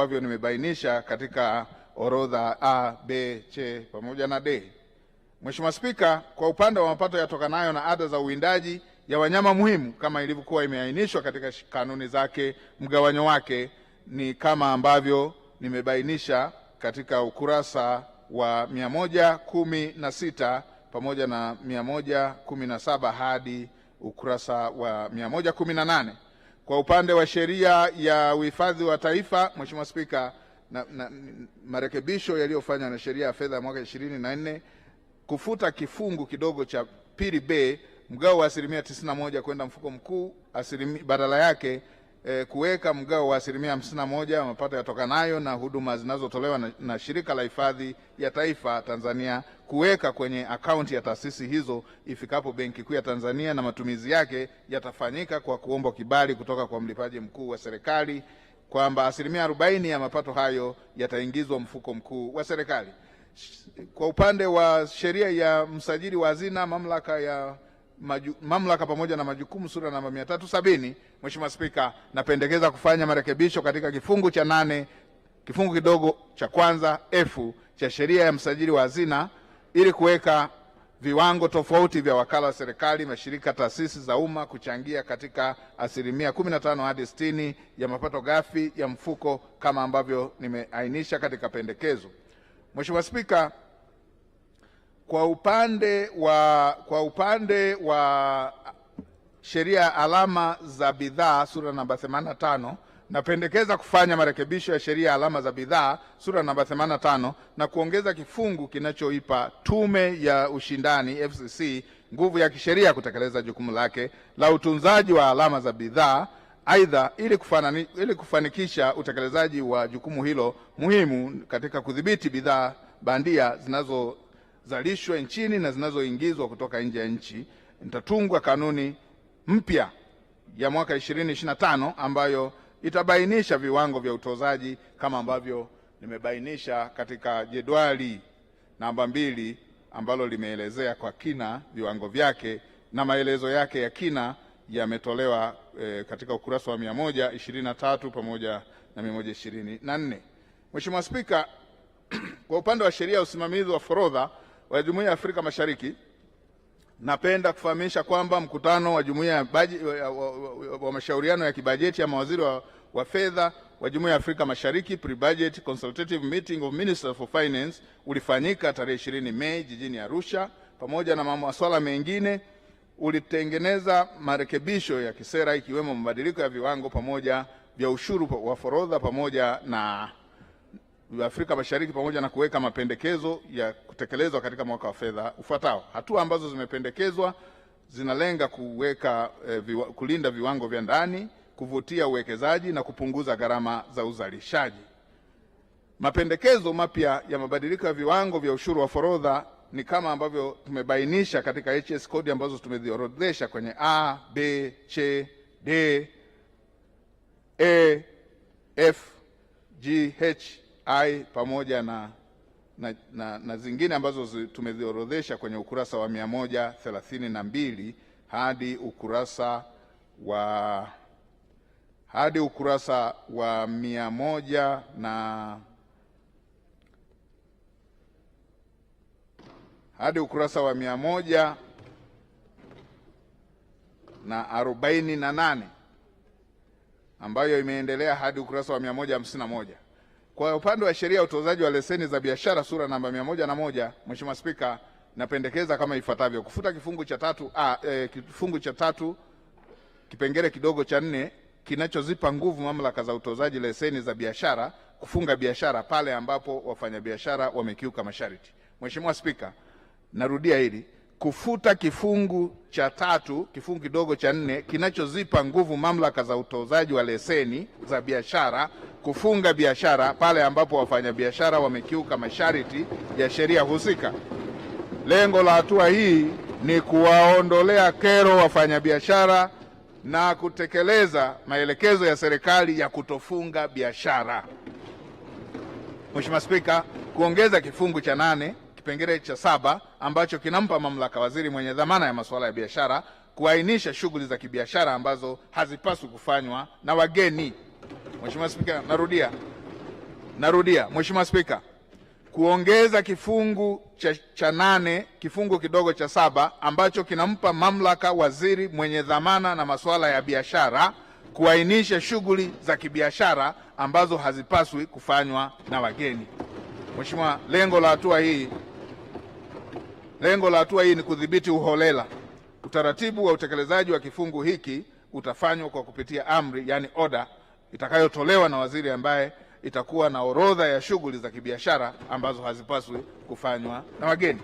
ambavyo nimebainisha katika orodha A, B, C pamoja na D. Mheshimiwa Spika, kwa upande wa mapato yatokanayo na ada za uwindaji ya wanyama muhimu kama ilivyokuwa imeainishwa katika kanuni zake, mgawanyo wake ni kama ambavyo nimebainisha katika ukurasa wa mia sita pamoja na mia saba hadi ukurasa wa mia nane. Kwa upande wa sheria ya uhifadhi wa taifa, Mheshimiwa Spika, na, na, marekebisho yaliyofanywa na sheria ya fedha ya mwaka ishirini kufuta kifungu kidogo cha pili b mgao wa asilimia 91 kwenda mfuko mkuu, badala yake e, kuweka mgao wa asilimia hamsini na moja wa mapato yatokanayo na huduma zinazotolewa na, na Shirika la Hifadhi ya Taifa Tanzania kuweka kwenye akaunti ya taasisi hizo ifikapo Benki Kuu ya Tanzania, na matumizi yake yatafanyika kwa kuomba kibali kutoka kwa mlipaji mkuu wa serikali kwamba asilimia arobaini ya mapato hayo yataingizwa mfuko mkuu wa serikali. Kwa upande wa sheria ya msajili wa hazina, mamlaka ya maju, mamlaka pamoja na majukumu sura namba mia tatu sabini. Mheshimiwa Spika, napendekeza kufanya marekebisho katika kifungu cha nane kifungu kidogo cha kwanza f cha sheria ya msajili wa hazina ili kuweka viwango tofauti vya wakala wa serikali, mashirika, taasisi za umma kuchangia katika asilimia 15 hadi 60 ya mapato ghafi ya mfuko kama ambavyo nimeainisha katika pendekezo. Mheshimiwa Spika, kwa upande wa, kwa upande wa sheria ya alama za bidhaa sura namba 85 napendekeza kufanya marekebisho ya sheria ya alama za bidhaa sura namba 85 na kuongeza kifungu kinachoipa Tume ya Ushindani FCC nguvu ya kisheria kutekeleza jukumu lake la utunzaji wa alama za bidhaa. Aidha, ili, ili kufanikisha utekelezaji wa jukumu hilo muhimu katika kudhibiti bidhaa bandia zinazo zinazozalishwa nchini na zinazoingizwa kutoka nje ya nchi. Nitatungwa kanuni mpya ya mwaka 2025 ambayo itabainisha viwango vya utozaji kama ambavyo nimebainisha katika jedwali namba mbili ambalo limeelezea kwa kina viwango vyake na maelezo yake ya kina yametolewa e, katika ukurasa wa 123 pamoja na 124. Mheshimiwa Spika, kwa upande wa sheria ya usimamizi wa forodha wa Jumuiya ya Afrika Mashariki, napenda kufahamisha kwamba mkutano wa jumuiya wa mashauriano ya kibajeti ya mawaziri wa, wa fedha wa Jumuiya ya Afrika Mashariki pre-budget consultative meeting of ministers for finance ulifanyika tarehe 20 Mei jijini Arusha, pamoja na masuala mengine ulitengeneza marekebisho ya kisera ikiwemo mabadiliko ya viwango pamoja vya ushuru wa forodha pamoja na Afrika Mashariki pamoja na kuweka mapendekezo ya kutekelezwa katika mwaka wa fedha ufuatao. Hatua ambazo zimependekezwa zinalenga kuweka e, viwa, kulinda viwango vya ndani, kuvutia uwekezaji na kupunguza gharama za uzalishaji. Mapendekezo mapya ya mabadiliko ya viwango vya ushuru wa forodha ni kama ambavyo tumebainisha katika HS kodi ambazo tumeziorodhesha kwenye A, B, C, D, E, F, G, H ai pamoja na, na, na, na zingine ambazo tumeziorodhesha kwenye ukurasa wa mia na mbili hadi ukurasa wa hadi ukurasa wa mia moja na hadi ukurasa wa mia moja na arobaini na nane ambayo imeendelea hadi ukurasa wa mia moja hamsini na moja. Kwa upande wa sheria ya utozaji wa leseni za biashara sura namba mia moja na moja, Mheshimiwa Spika, napendekeza kama ifuatavyo: kufuta kifungu cha tatu, a, e, kifungu cha tatu kipengele kidogo cha nne kinachozipa nguvu mamlaka za utozaji leseni za biashara kufunga biashara pale ambapo wafanyabiashara wamekiuka masharti. Mheshimiwa Spika, narudia hili kufuta kifungu cha tatu kifungu kidogo cha nne kinachozipa nguvu mamlaka za utozaji wa leseni za biashara kufunga biashara pale ambapo wafanyabiashara wamekiuka masharti ya sheria husika. Lengo la hatua hii ni kuwaondolea kero wafanyabiashara na kutekeleza maelekezo ya serikali ya kutofunga biashara. Mheshimiwa Spika, kuongeza kifungu cha nane kipengele cha saba ambacho kinampa mamlaka waziri mwenye dhamana ya masuala ya biashara kuainisha shughuli za kibiashara ambazo hazipaswi kufanywa na wageni. Mheshimiwa Spika, narudia narudia, Mheshimiwa Spika, kuongeza kifungu cha, cha nane kifungu kidogo cha saba ambacho kinampa mamlaka waziri mwenye dhamana na masuala ya biashara kuainisha shughuli za kibiashara ambazo hazipaswi kufanywa na wageni. Mheshimiwa, lengo la hatua hii Lengo la hatua hii ni kudhibiti uholela. Utaratibu wa utekelezaji wa kifungu hiki utafanywa kwa kupitia amri, yani oda itakayotolewa na waziri ambaye itakuwa na orodha ya shughuli za kibiashara ambazo hazipaswi kufanywa na wageni.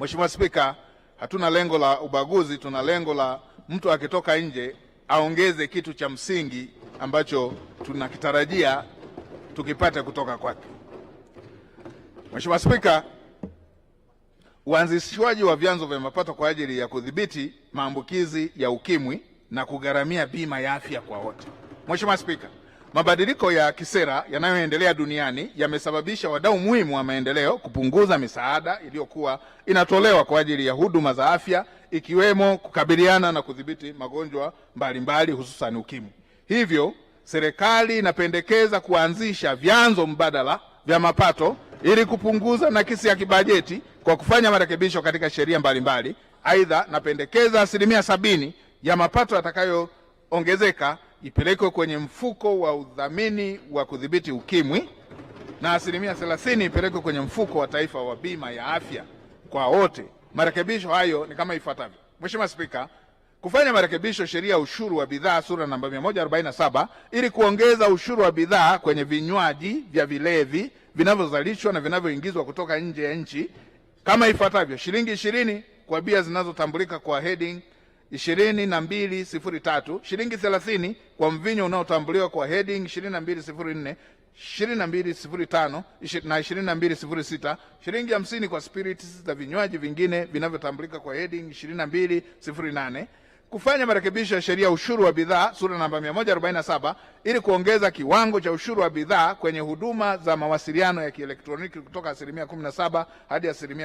Mheshimiwa Spika, hatuna lengo la ubaguzi, tuna lengo la mtu akitoka nje aongeze kitu cha msingi ambacho tunakitarajia tukipate kutoka kwake. Mheshimiwa Spika, uanzishwaji wa vyanzo vya mapato kwa ajili ya kudhibiti maambukizi ya ukimwi na kugharamia bima ya afya kwa wote. Mheshimiwa Spika, mabadiliko ya kisera yanayoendelea duniani yamesababisha wadau muhimu wa maendeleo kupunguza misaada iliyokuwa inatolewa kwa ajili ya huduma za afya ikiwemo kukabiliana na kudhibiti magonjwa mbalimbali hususan ukimwi. Hivyo serikali inapendekeza kuanzisha vyanzo mbadala vya mapato ili kupunguza nakisi ya kibajeti kwa kufanya marekebisho katika sheria mbalimbali. Aidha, napendekeza asilimia sabini ya mapato yatakayoongezeka ipelekwe kwenye mfuko wa udhamini wa kudhibiti ukimwi na asilimia thelathini ipelekwe kwenye mfuko wa taifa wa bima ya afya kwa wote. Marekebisho hayo ni kama ifuatavyo. Mheshimiwa Spika, kufanya marekebisho sheria ya ushuru wa bidhaa sura namba 147 ili kuongeza ushuru wa bidhaa kwenye vinywaji vya vilevi vinavyozalishwa na vinavyoingizwa kutoka nje ya nchi kama ifuatavyo: shilingi ishirini kwa bia zinazotambulika kwa heading ishirini na mbili sifuri tatu, shilingi thelathini kwa mvinyo unaotambuliwa kwa heading ishirini na mbili sifuri nne ishirini na mbili sifuri tano na ishirini na mbili sifuri sita, shilingi hamsini kwa spirits za vinywaji vingine vinavyotambulika kwa heading ishirini na mbili sifuri nane kufanya marekebisho ya sheria ushuru wa bidhaa sura namba 147 ili kuongeza kiwango cha ushuru wa bidhaa kwenye huduma za mawasiliano ya kielektroniki kutoka asilimia 17 hadi asilimia